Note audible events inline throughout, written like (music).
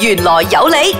玄來有理。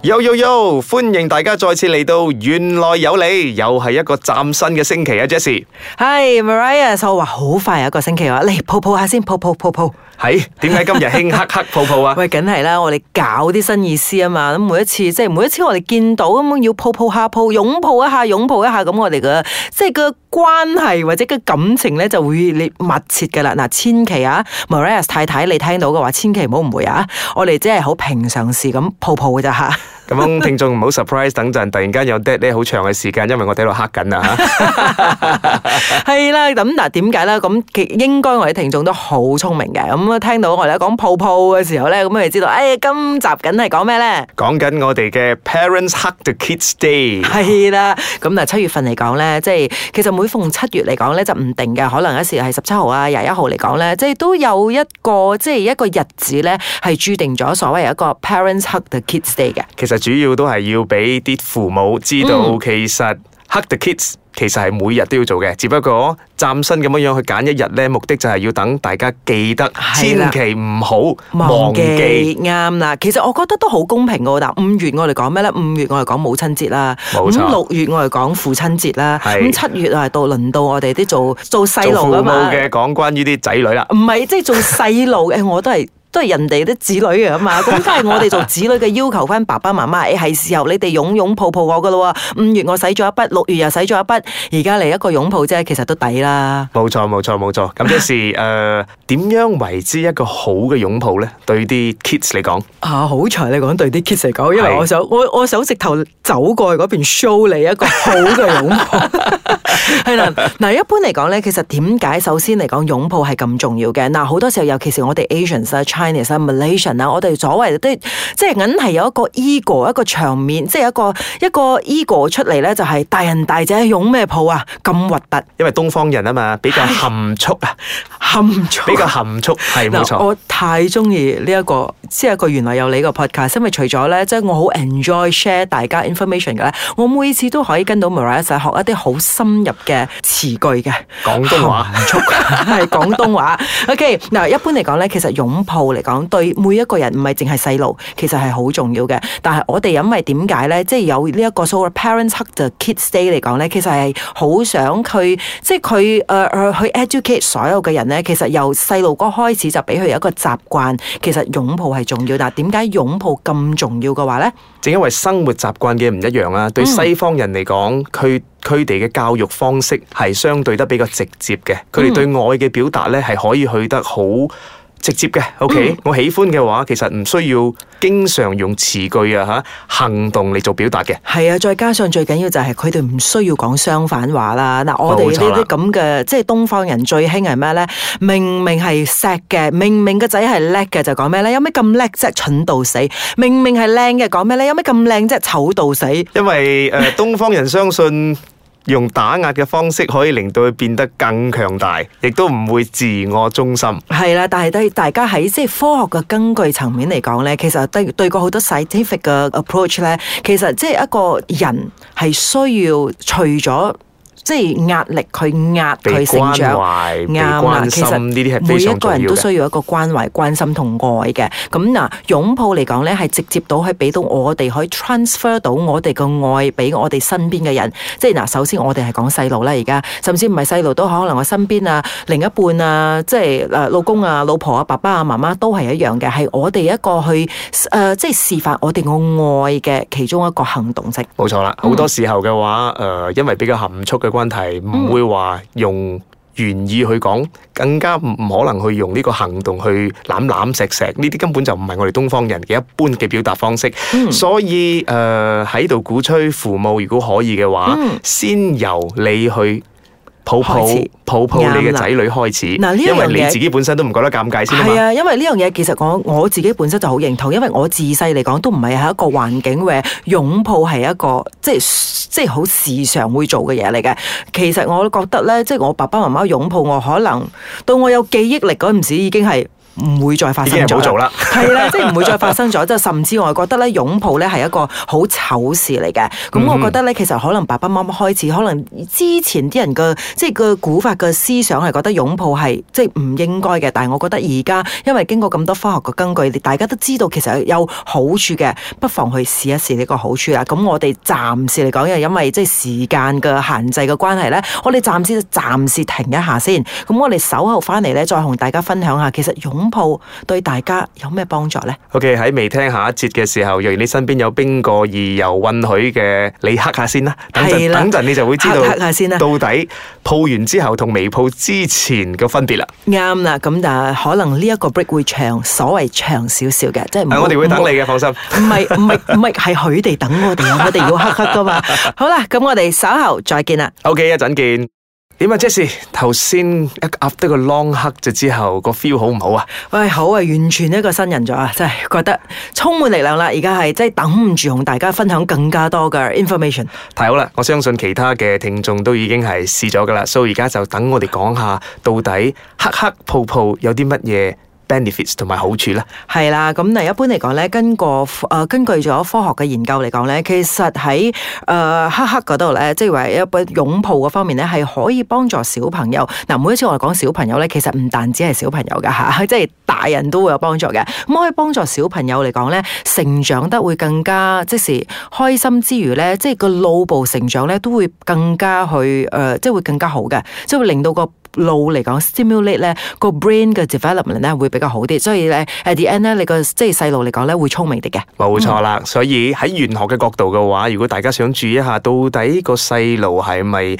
Yo, yo yo 歡迎大家再次嚟到，原來有你，又係一個嶄新嘅星期啊，Jessie。Hi，Maria，我話好快有一個星期啊，嚟抱抱下先，抱抱抱抱。係點解今日興黑黑抱抱啊？ (laughs) 喂，梗係啦，我哋搞啲新意思啊嘛。咁每一次即係每一次，就是、每一次我哋見到咁樣要抱抱下抱，擁抱一下擁抱一下，咁我哋嘅即係個關係或者個感情咧就會你密切噶啦。嗱，千祈啊，Maria 太太，你聽到嘅話，千祈唔好誤會啊。我哋即係好平常事咁抱抱嘅咋。吓。咁 (laughs) 聽眾唔好 surprise，等陣突然間有 d e 好長嘅時間，因為我喺度黑緊啊！係啦，咁嗱，點解呢？咁應該我哋聽眾都好聰明嘅，咁聽到我哋講泡泡嘅時候呢，咁我哋知道，誒、哎，今集緊係講咩呢？講緊我哋嘅 Parents Hug the Kids Day。 (laughs) 係啦，咁嗱，七月份嚟講呢，即係其實每逢七月嚟講呢，就唔定嘅，可能有時係十七號啊，廿一號嚟講呢，即係都有一個即係一個日子呢，係注定咗所謂一個 Parents Hug the Kids Day 嘅。 (laughs) 其實。主要都係要俾啲父母知道，其實 Hug the Kids 其實係每日都要做嘅，只不過暫新咁樣樣去揀一日咧，目的就係要等大家記得，千祈唔好忘記。啱啦，其實我覺得都好公平噶，但係五月我哋講咩咧？五月我哋講母親節啦，冇錯，咁六月我哋講父親節啦，咁七月就係到輪到我哋啲做做細路啊嘛。做父母嘅，講關於啲仔女啦，唔係即係做細路嘅我都係。都係人哋啲子女啊嘛，咁都係我哋做子女嘅要求翻爸爸媽媽，係、欸、時候你哋擁擁抱抱我噶咯。五月我使咗一筆，六月又使咗一筆，而家嚟一個擁抱啫，其實都抵啦。冇錯冇錯冇錯，咁即、就是誒，點、uh, 樣為之一個好嘅擁抱咧？對啲 kids 嚟講啊，好彩你講對啲 kids 嚟講，因為我想是我我想直頭走過去嗰邊 show 你一個好嘅擁抱。係啦， (laughs) (laughs) (laughs) 嗱、嗯，一般嚟講咧，其實點解首先嚟講擁抱係咁重要嘅？嗱、嗯，好多時候尤其是我哋 Asian 咧、啊。t i o n 啦，我哋所謂啲即係緊係有一個 ego 一個場面，即係一個一個 ego 出嚟咧，就係大人大姐擁咩抱啊？咁核突，因為東方人啊嘛，比較含蓄啊， (laughs) 含蓄，比較含蓄係冇 (laughs) 錯。我太中意呢一個即係一個原來有你個 podcast，因為除咗咧，即係我好 enjoy share 大家 information 嘅咧，我每次都可以跟到 Maria 一齊學一啲好深入嘅詞句嘅廣東話含蓄，係廣東話。OK，嗱，一般嚟講咧，其實擁抱嚟講，對每一個人唔係淨係細路，其實係好重要嘅。但係我哋因為點解咧，即係有呢、這、一個 so parents hug the kids day 嚟講咧，其實係好想佢，即係佢誒誒去 educate 所有嘅人咧。其實由細路嗰開始就俾佢有一個習慣，其實擁抱係重要。但係，點解擁抱咁重要嘅話咧？正因為生活習慣嘅唔一樣啊。對西方人嚟講，佢佢哋嘅教育方式係相對得比較直接嘅。佢哋對愛嘅表達咧，係可以去得好。直接嘅，OK，、嗯、我喜歡嘅話，其實唔需要經常用詞句啊吓，行動嚟做表達嘅。係啊，再加上最緊要就係佢哋唔需要講相反話啦。嗱、啊，我哋呢啲咁嘅，即係東方人最興係咩咧？明明係錫嘅，明明個仔係叻嘅，就講咩咧？有咩咁叻即係？蠢到死！明明係靚嘅，講咩咧？有咩咁靚即係？醜到死！因為誒、呃，東方人相信。 (laughs) 用打壓嘅方式可以令到佢變得更強大，亦都唔會自我中心。係啦，但係對大家喺即係科學嘅根據層面嚟講咧，其實對對過好多 scientific 嘅 approach 咧，其實即係一個人係需要除咗。即係壓力，去壓佢成長啱啊！嗯、其實呢啲係每一個人都需要一個關懷、關心同愛嘅。咁嗱、啊，擁抱嚟講咧，係直接到可以俾到我哋，可以 transfer 到我哋個愛俾我哋身邊嘅人。即係、啊、嗱，首先我哋係講細路啦，而家甚至唔係細路都可能我身邊啊、另一半啊、即係、啊、誒老公啊、老婆啊、爸爸啊、媽媽、啊、都係一樣嘅，係我哋一個去誒、呃，即係示範我哋個愛嘅其中一個行動式。冇、嗯、錯啦，好多時候嘅話誒、呃，因為比較含蓄嘅。問題唔會話用原意去講，更加唔可能去用呢個行動去攬攬錫錫。呢啲根本就唔係我哋東方人嘅一般嘅表達方式。所以誒喺度鼓吹父母，如果可以嘅話，先由你去。Joshua 抱抱，開始抱抱你嘅仔女開始。嗱，呢樣嘢，因為你自己本身都唔覺得尷尬先嘛。係啊，因為呢樣嘢其實我我自己本身就好認同，因為我自細嚟講都唔係喺一個環境，where 擁抱係一個即係即係好時常會做嘅嘢嚟嘅。其實我覺得咧，即係我爸爸媽媽擁抱我，可能到我有記憶力嗰陣時已經係。唔會再發生，已經唔好做啦，係啦，即係唔會再發生咗。即係甚至我覺得咧，擁抱咧係一個好醜事嚟嘅。咁我覺得咧，其實可能爸爸媽媽開始，可能之前啲人嘅即係個古法嘅思想係覺得擁抱係即係唔應該嘅。但係我覺得而家因為經過咁多科學嘅根據，大家都知道其實有好處嘅，不妨去試一試呢個好處啦。咁我哋暫時嚟講因為即係時間嘅限制嘅關係咧，我哋暫時暫時停一下先。咁我哋稍後翻嚟咧，再同大家分享下其實擁鋪對大家有咩幫助呢？OK，喺未聽下一節嘅時候，若然你身邊有邊個而有允許嘅，你黑下先啦。等陣，等陣你就會知道黑下先啦，到底鋪完之後同未鋪之前嘅分別啦。啱啦，咁啊可能呢一個 break 會長，所謂長少少嘅，即係唔係我哋會等你嘅，放心。唔係唔係唔係，係佢哋等我哋，我哋要黑黑噶嘛。好啦，咁我哋稍後再見啦。OK，一陣見。點啊，Jessie，頭先一壓低個 long 黑咗之後個 feel 好唔好啊？喂，好啊，完全一個新人咗啊，真係覺得充滿力量啦！而家係真係等唔住，同大家分享更加多嘅 information。太好啦，我相信其他嘅聽眾都已經係試咗噶啦，所以而家就等我哋講下到底黑黑泡泡有啲乜嘢 benefits 同埋好處啦，係啦。咁嗱，一般嚟講咧，根據誒、呃、根據咗科學嘅研究嚟講咧，其實喺誒親親嗰度咧，即係話一個擁抱嘅方面咧，係可以幫助小朋友。嗱，每一次我哋講小朋友咧，其實唔但止係小朋友嘅嚇、啊，即係大人都會有幫助嘅。咁可以幫助小朋友嚟講咧，成長得會更加即係開心之餘咧，即係個腦部成長咧都會更加去誒、呃，即係會更加好嘅，即係會令到個路嚟講，stimulate 咧個 brain 嘅 development 咧，會比較好啲，所以咧 at the end 咧，你個即係細路嚟講咧會聰明啲嘅。冇錯啦，所以喺玄學嘅角度嘅話，如果大家想注意一下，到底個細路係咪誒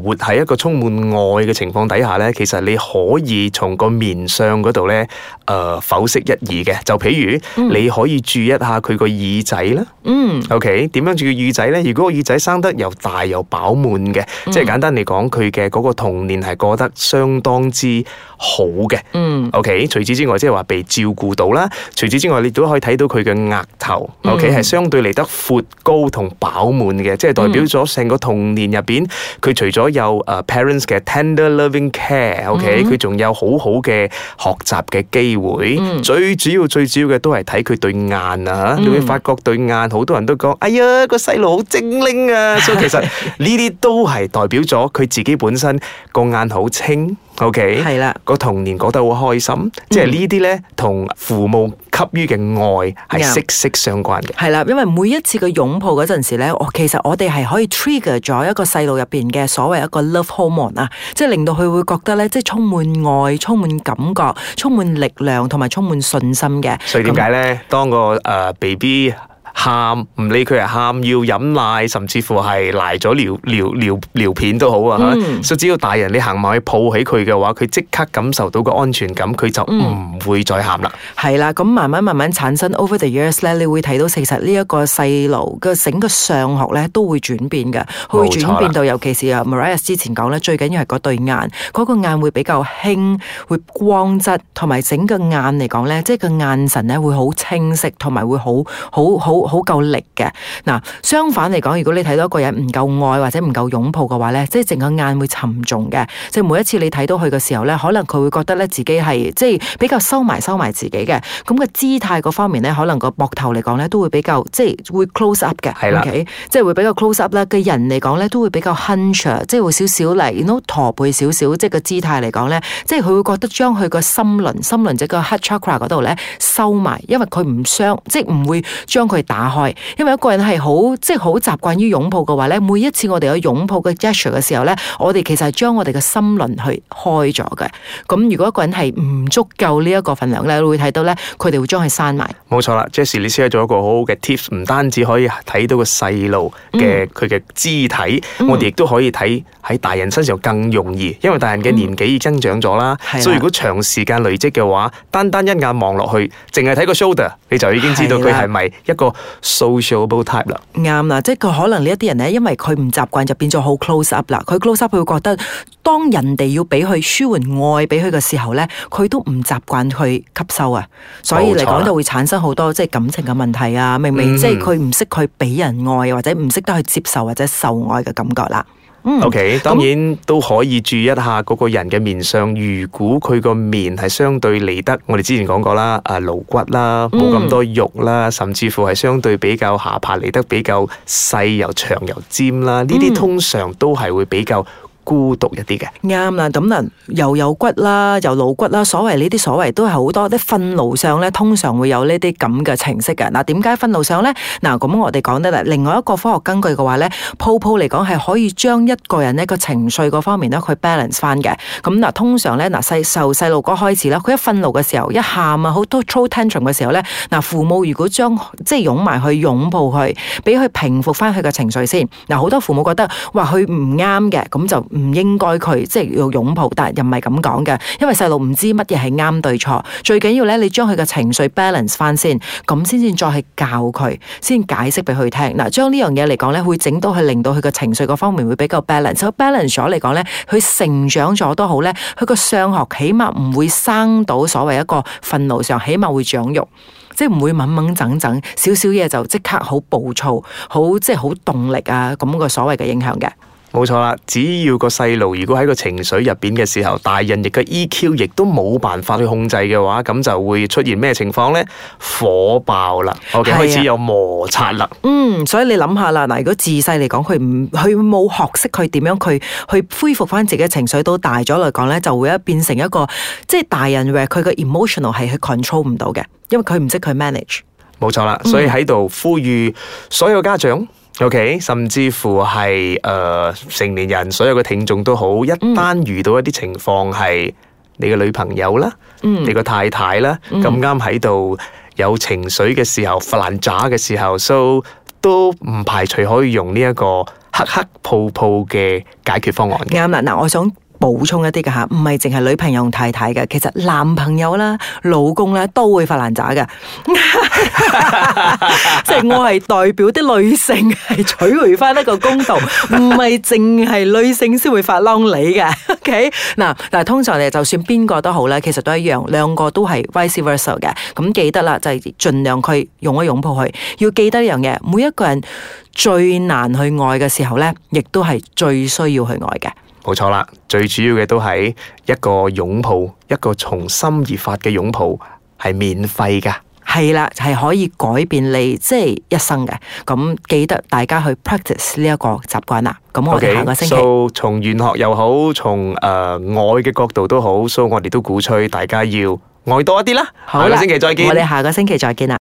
活喺一個充滿愛嘅情況底下咧，其實你可以從個面相嗰度咧，誒剖析一二嘅。就譬如你可以注意一下佢個耳仔啦。嗯。OK，點樣注意耳仔咧？如果個耳仔生得又大又飽滿嘅，嗯、即係簡單嚟講，佢嘅嗰個童年係個。覺得相當之好嘅，嗯，OK。除此之外，即係話被照顧到啦。除此之外，你都可以睇到佢嘅額頭，OK，係相對嚟得闊高同飽滿嘅，即係代表咗成個童年入邊，佢除咗有誒 parents 嘅 tender loving care，OK，佢仲有好好嘅學習嘅機會。最主要最主要嘅都係睇佢對眼啊吓，你會發覺對眼好多人都講，哎呀個細路好精靈啊，所以其實呢啲都係代表咗佢自己本身個眼好。好清，OK，係啦，個童年覺得好開心，即係呢啲咧同父母給予嘅愛係息息相關嘅，係啦，因為每一次嘅擁抱嗰陣時咧，我其實我哋係可以 trigger 咗一個細路入邊嘅所謂一個 love hormone 啊，即係令到佢會覺得咧，即係充滿愛、充滿感覺、充滿力量同埋充滿信心嘅。所以點解咧，當個誒 baby？喊，唔理佢係喊，要飲奶，甚至乎係賴咗尿尿尿尿片都好啊！吓，所以只要大人你行埋去抱起佢嘅話，佢即刻感受到個安全感，佢就唔會再喊啦。係啦，咁慢慢慢慢產生 over the years 咧，你會睇到其實呢一個細路嘅整個上學咧都會轉變嘅，會轉變到尤其是啊 Mariah 之前講咧，最緊要係嗰對眼，嗰個眼會比較輕，會光質，同埋整個眼嚟講咧，即係個眼神咧會好清晰，同埋會好好好。好，好夠力嘅嗱，相反嚟講，如果你睇到一個人唔夠愛或者唔夠擁抱嘅話咧，即係成個眼會沉重嘅，即係每一次你睇到佢嘅時候咧，可能佢會覺得咧自己係即係比較收埋收埋自己嘅咁個姿態嗰方面咧，可能個膊頭嚟講咧都會比較即係會 close up 嘅，係啦的，okay? 即係會比較 close up 啦。嘅人嚟講咧都會比較 hunched 即係會少少嚟，都駝背少少，即係個姿態嚟講咧，即係佢會覺得將佢個心輪心輪即個 heart chakra 嗰度咧收埋，因為佢唔傷，即係唔會將佢。打開，因為一個人係好即係好習慣於擁抱嘅話咧，每一次我哋有擁抱嘅 gesture 嘅時候咧，我哋其實係將我哋嘅心輪去開咗嘅。咁如果一個人係唔足夠呢一個份量咧，會睇到咧，佢哋會將佢閂埋。冇錯啦，Jesse，你先係做一個好好嘅 tips，唔單止可以睇到個細路嘅佢嘅肢體，嗯、我哋亦都可以睇喺大人身上更容易，因為大人嘅年紀增長咗啦，嗯、所以如果長時間累積嘅話，單單一眼望落去，淨係睇個 shoulder，你就已經知道佢係咪一個。sociable type 啦，啱啦，即係佢可能呢一啲人咧，因為佢唔習慣就變咗好 close up 啦。佢 close up 佢會覺得，當人哋要俾佢舒緩愛俾佢嘅時候咧，佢都唔習慣去吸收啊，所以嚟講就會產生好多即係感情嘅問題啊。明明、嗯、即係佢唔識去俾人愛，或者唔識得去接受或者受愛嘅感覺啦。OK、嗯、當然都可以注意一下嗰個人嘅面相。如果佢個面係相對嚟得，我哋之前講過啦，啊，露骨啦，冇咁多肉啦，嗯、甚至乎係相對比較下巴嚟得比較細、又長又尖啦，呢啲、嗯、通常都係會比較孤獨一啲嘅，啱啦。咁啦，又有骨啦，又腦骨啦，所謂呢啲所謂都係好多啲憤怒上咧，通常會有呢啲咁嘅情緒嘅。嗱，點解憤怒上咧？嗱，咁我哋講得啦。另外一個科學根據嘅話咧，抱抱嚟講係可以將一個人呢個情緒嗰方面咧佢 balance 翻嘅。咁嗱，通常咧嗱細受細路哥開始啦，佢一憤怒嘅時候一喊啊，好多 throw tantrum 嘅時候咧，嗱，父母如果將即係擁埋去擁抱佢，俾佢平復翻佢嘅情緒先。嗱，好多父母覺得話佢唔啱嘅，咁就唔應該佢即係要擁抱，但係又唔係咁講嘅，因為細路唔知乜嘢係啱對錯。最緊要咧，你將佢嘅情緒 balance 翻先，咁先至再去教佢，先解釋俾佢聽。嗱，將呢樣嘢嚟講咧，會整到係令到佢嘅情緒各方面會比較 balance。所 balance 咗嚟講咧，佢成長咗都好咧，佢個上學起碼唔會生到所謂一個憤怒上，起碼會長肉，即係唔會揾揾整整少少嘢就即刻好暴躁，好即係好動力啊，咁個所謂嘅影響嘅。冇錯啦，只要個細路如果喺個情緒入邊嘅時候，大人亦嘅 EQ 亦都冇辦法去控制嘅話，咁就會出現咩情況呢？火爆啦，okay, 啊、開始有摩擦啦。嗯，所以你諗下啦，嗱，如果自細嚟講佢唔佢冇學識佢點樣佢去恢復翻自己嘅情緒，到大咗嚟講呢，就會一變成一個即係、就是、大人，話佢個 emotional 係 control 唔到嘅，因為佢唔識佢 manage。冇錯啦，所以喺度呼籲所有家長。嗯 OK，甚至乎係誒、呃、成年人所有嘅聽眾都好，一旦遇到一啲情況係、嗯、你嘅女朋友啦，嗯、你個太太啦，咁啱喺度有情緒嘅時候、發爛渣嘅時候，so, 都都唔排除可以用呢一個黑黑泡泡嘅解決方案。啱啦，嗱、嗯嗯嗯嗯嗯，我想。補充一啲噶吓，唔係淨係女朋友同太太噶，其實男朋友啦、老公咧都會發爛渣噶。即係我係代表啲女性係取回翻一個公道，唔係淨係女性先會發嬲你嘅。OK 嗱嗱，通常你就算邊個都好咧，其實都一樣，兩個都係 vice versa 嘅。咁記得啦，就係盡量去擁一擁抱佢，要記得一樣嘢。每一個人最難去愛嘅時候咧，亦都係最需要去愛嘅。冇錯啦，最主要嘅都係一個擁抱，一個從心而發嘅擁抱係免費噶，係啦，係可以改變你即係一生嘅。咁記得大家去 practice 呢一個習慣啦。咁我哋下個星期，從玄學又好，從誒愛嘅角度都好，所以我哋都鼓吹大家要愛多一啲啦。好啦，星期再見，我哋下個星期再見啦。